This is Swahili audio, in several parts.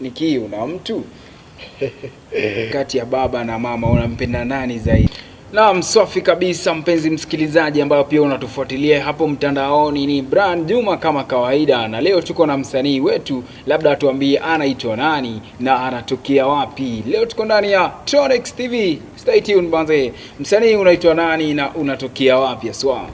ni kiu na mtu kati ya baba na mama unampenda nani zaidi? Na safi kabisa, mpenzi msikilizaji ambayo pia unatufuatilia hapo mtandaoni, ni Brand Juma kama kawaida, na leo tuko na msanii wetu, labda atuambie anaitwa nani na anatokea wapi. Leo tuko ndani ya Tronics TV. Stay tuned banze, msanii unaitwa nani na unatokea wapi aswa?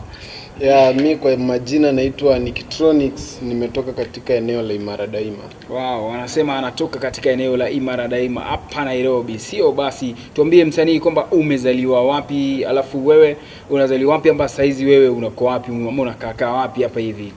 Ya, mi kwa majina naitwa Nikitronics, nimetoka katika eneo la Imara Daima. Wow, wanasema anatoka katika eneo la Imara Daima hapa Nairobi, sio? Basi tuambie msanii kwamba umezaliwa wapi, alafu wewe unazaliwa wapi, amba saizi wewe unako wapi, unakaa wapi hapa hivi?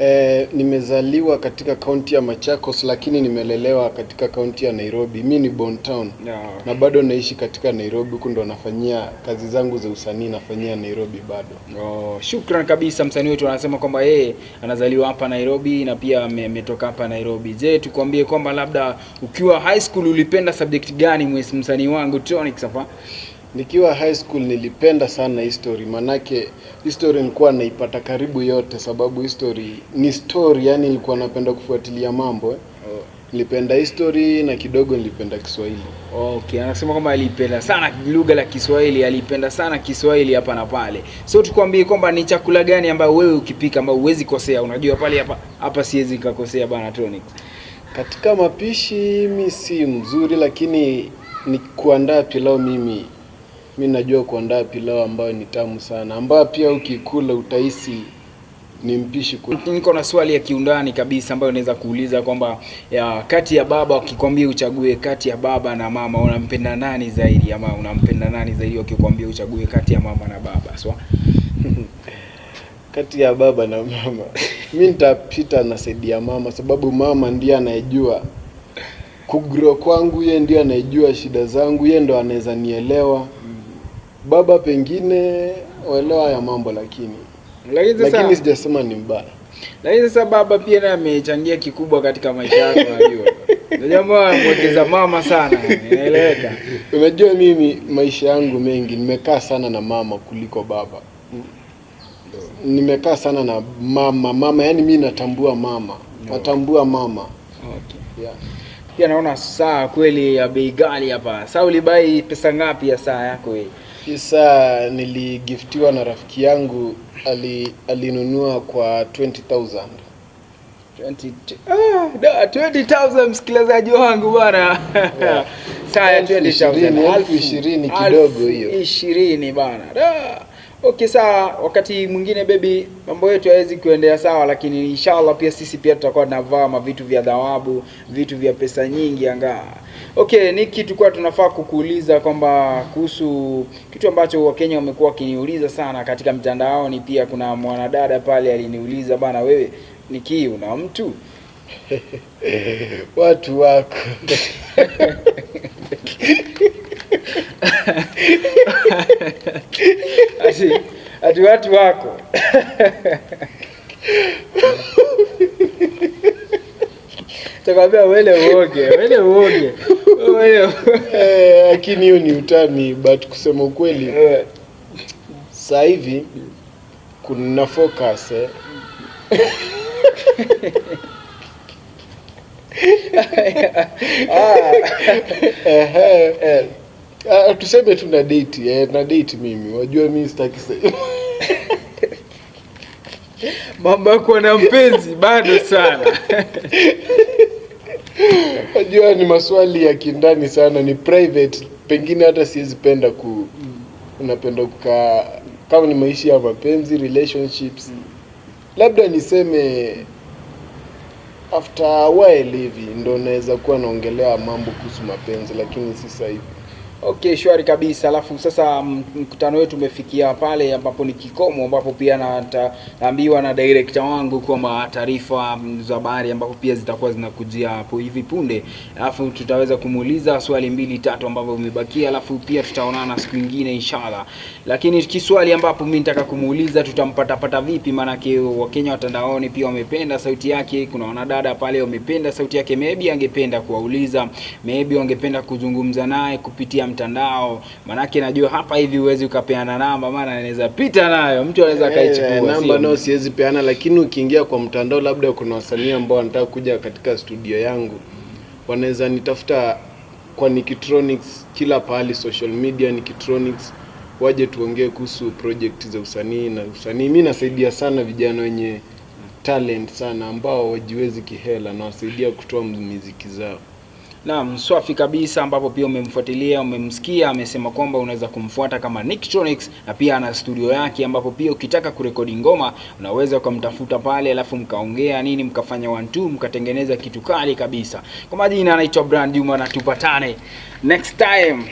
E, nimezaliwa katika kaunti ya Machakos lakini nimelelewa katika kaunti ya Nairobi. Mi ni Bon town no. na bado naishi katika Nairobi, huku ndo nafanyia kazi zangu za usanii nafanyia Nairobi bado. Oh, shukran kabisa. Msanii wetu anasema kwamba yeye anazaliwa hapa Nairobi na pia ametoka hapa Nairobi. Je, tukwambie kwamba labda ukiwa high school ulipenda subject gani msanii wangu Tonic Safa? Nikiwa high school nilipenda sana history, manake history nilikuwa naipata karibu yote sababu history ni story, yani nilikuwa napenda kufuatilia mambo eh. Oh. Nilipenda history na kidogo nilipenda Kiswahili. Okay, anasema kwamba alipenda sana lugha la Kiswahili, alipenda sana Kiswahili hapa na pale. So tukwambie kwamba ni chakula gani ambayo wewe ukipika ambayo huwezi kosea, unajua pale hapa hapa siwezi kukosea bana Tonic. Katika mapishi mi si mzuri, lakini ni kuandaa pilau mimi mi najua kuandaa pilau ambayo ni tamu sana, ambayo pia ukikula utahisi ni mpishi Niko na swali ya kiundani kabisa ambayo unaweza kuuliza kwamba kati ya baba wakikwambia uchague kati ya baba na mama unampenda nani zaidi, ama unampenda nani zaidi wakikwambia uchague kati ya mama na baba swa? kati ya baba na mama mi nitapita na saidi ya mama, sababu mama ndiye anayejua kugro kwangu, yeye ndiye anayejua shida zangu, yeye ndo anaweza nielewa baba pengine waelewa ya mambo, lakini lakini sasa lakini sijasema ni mbaya, lakini sasa baba pia naye amechangia kikubwa katika maisha yako, unajua ndio jambo amepoteza mama sana, inaeleweka. Unajua mimi maisha yangu mengi nimekaa sana na mama kuliko baba nimekaa sana na mama mama, yani mimi natambua mama no. natambua mama okay. yeah. Pia naona saa kweli ya bei ghali hapa. Saa ulibai pesa ngapi ya saa yako hii? Isa niligiftiwa na rafiki yangu ali, alinunua kwa 20000 ah, 20,000 msikilizaji wangu bwana. Saa 20,000 ishirini kidogo hiyo 20 bwana. Okay, sawa. Wakati mwingine baby, mambo yetu hayawezi kuendelea sawa, lakini inshallah pia sisi pia tutakuwa tunavaa mavitu vya dhawabu, vitu vya pesa nyingi anga. Okay, ni kitu kwa tunafaa kukuuliza kwamba kuhusu kitu ambacho Wakenya wamekuwa wakiniuliza sana katika mtandaoni. Pia kuna mwanadada pale aliniuliza, bana wewe Nikii una mtu watu wako hizi ati watu wako takwambia wele uoge, wele uoge, wele eh, lakini hiyo ni utami but kusema ukweli eh. sasa hivi kuna focus eh. ah. Eh, Uh, tuseme na date eh, na date mimi wajua mimi sitaki mambo ya kuwa na mpenzi bado sana wajua ni maswali ya kindani sana ni private pengine hata siwezi penda ku mm. unapenda kukaa kama ni maisha ya mapenzi relationships mm. labda niseme after a while hivi ndo naweza kuwa naongelea mambo kuhusu mapenzi lakini si sasa hivi Okay, shwari kabisa. Alafu sasa mm, mkutano wetu umefikia pale ambapo ni kikomo, ambapo pia naambiwa na, director wangu kwamba taarifa mm, za habari ambapo pia zitakuwa zinakujia hapo hivi punde, alafu tutaweza kumuuliza swali mbili tatu ambavyo vimebakia, alafu pia tutaonana siku nyingine inshallah. Lakini kiswali ambapo mimi nitaka kumuuliza tutampata pata vipi? Maanake Wakenya watandaoni pia wamependa sauti yake, kuna wanadada pale wamependa sauti yake, maybe angependa kuwauliza, maybe wangependa kuzungumza naye kupitia mtandao, manake najua hapa hivi huwezi ukapeana namba, maana anaweza pita nayo mtu anaweza eh, akaichukua. Hey, namba nao siwezi peana, lakini ukiingia kwa mtandao, labda kuna wasanii ambao wanataka kuja katika studio yangu, wanaweza nitafuta kwa Nikitronics kila pahali, social media Nikitronics, waje tuongee kuhusu project za usanii na usanii. Mi nasaidia sana vijana wenye talent sana ambao wajiwezi kihela, nawasaidia kutoa muziki zao. Naam, swafi kabisa, ambapo pia umemfuatilia umemsikia, amesema kwamba unaweza kumfuata kama Nicktronics na pia ana studio yake, ambapo pia ukitaka kurekodi ngoma unaweza ukamtafuta pale, alafu mkaongea nini, mkafanya one two, mkatengeneza kitu kali kabisa. Kwa majina anaitwa Brand Juma na tupatane next time.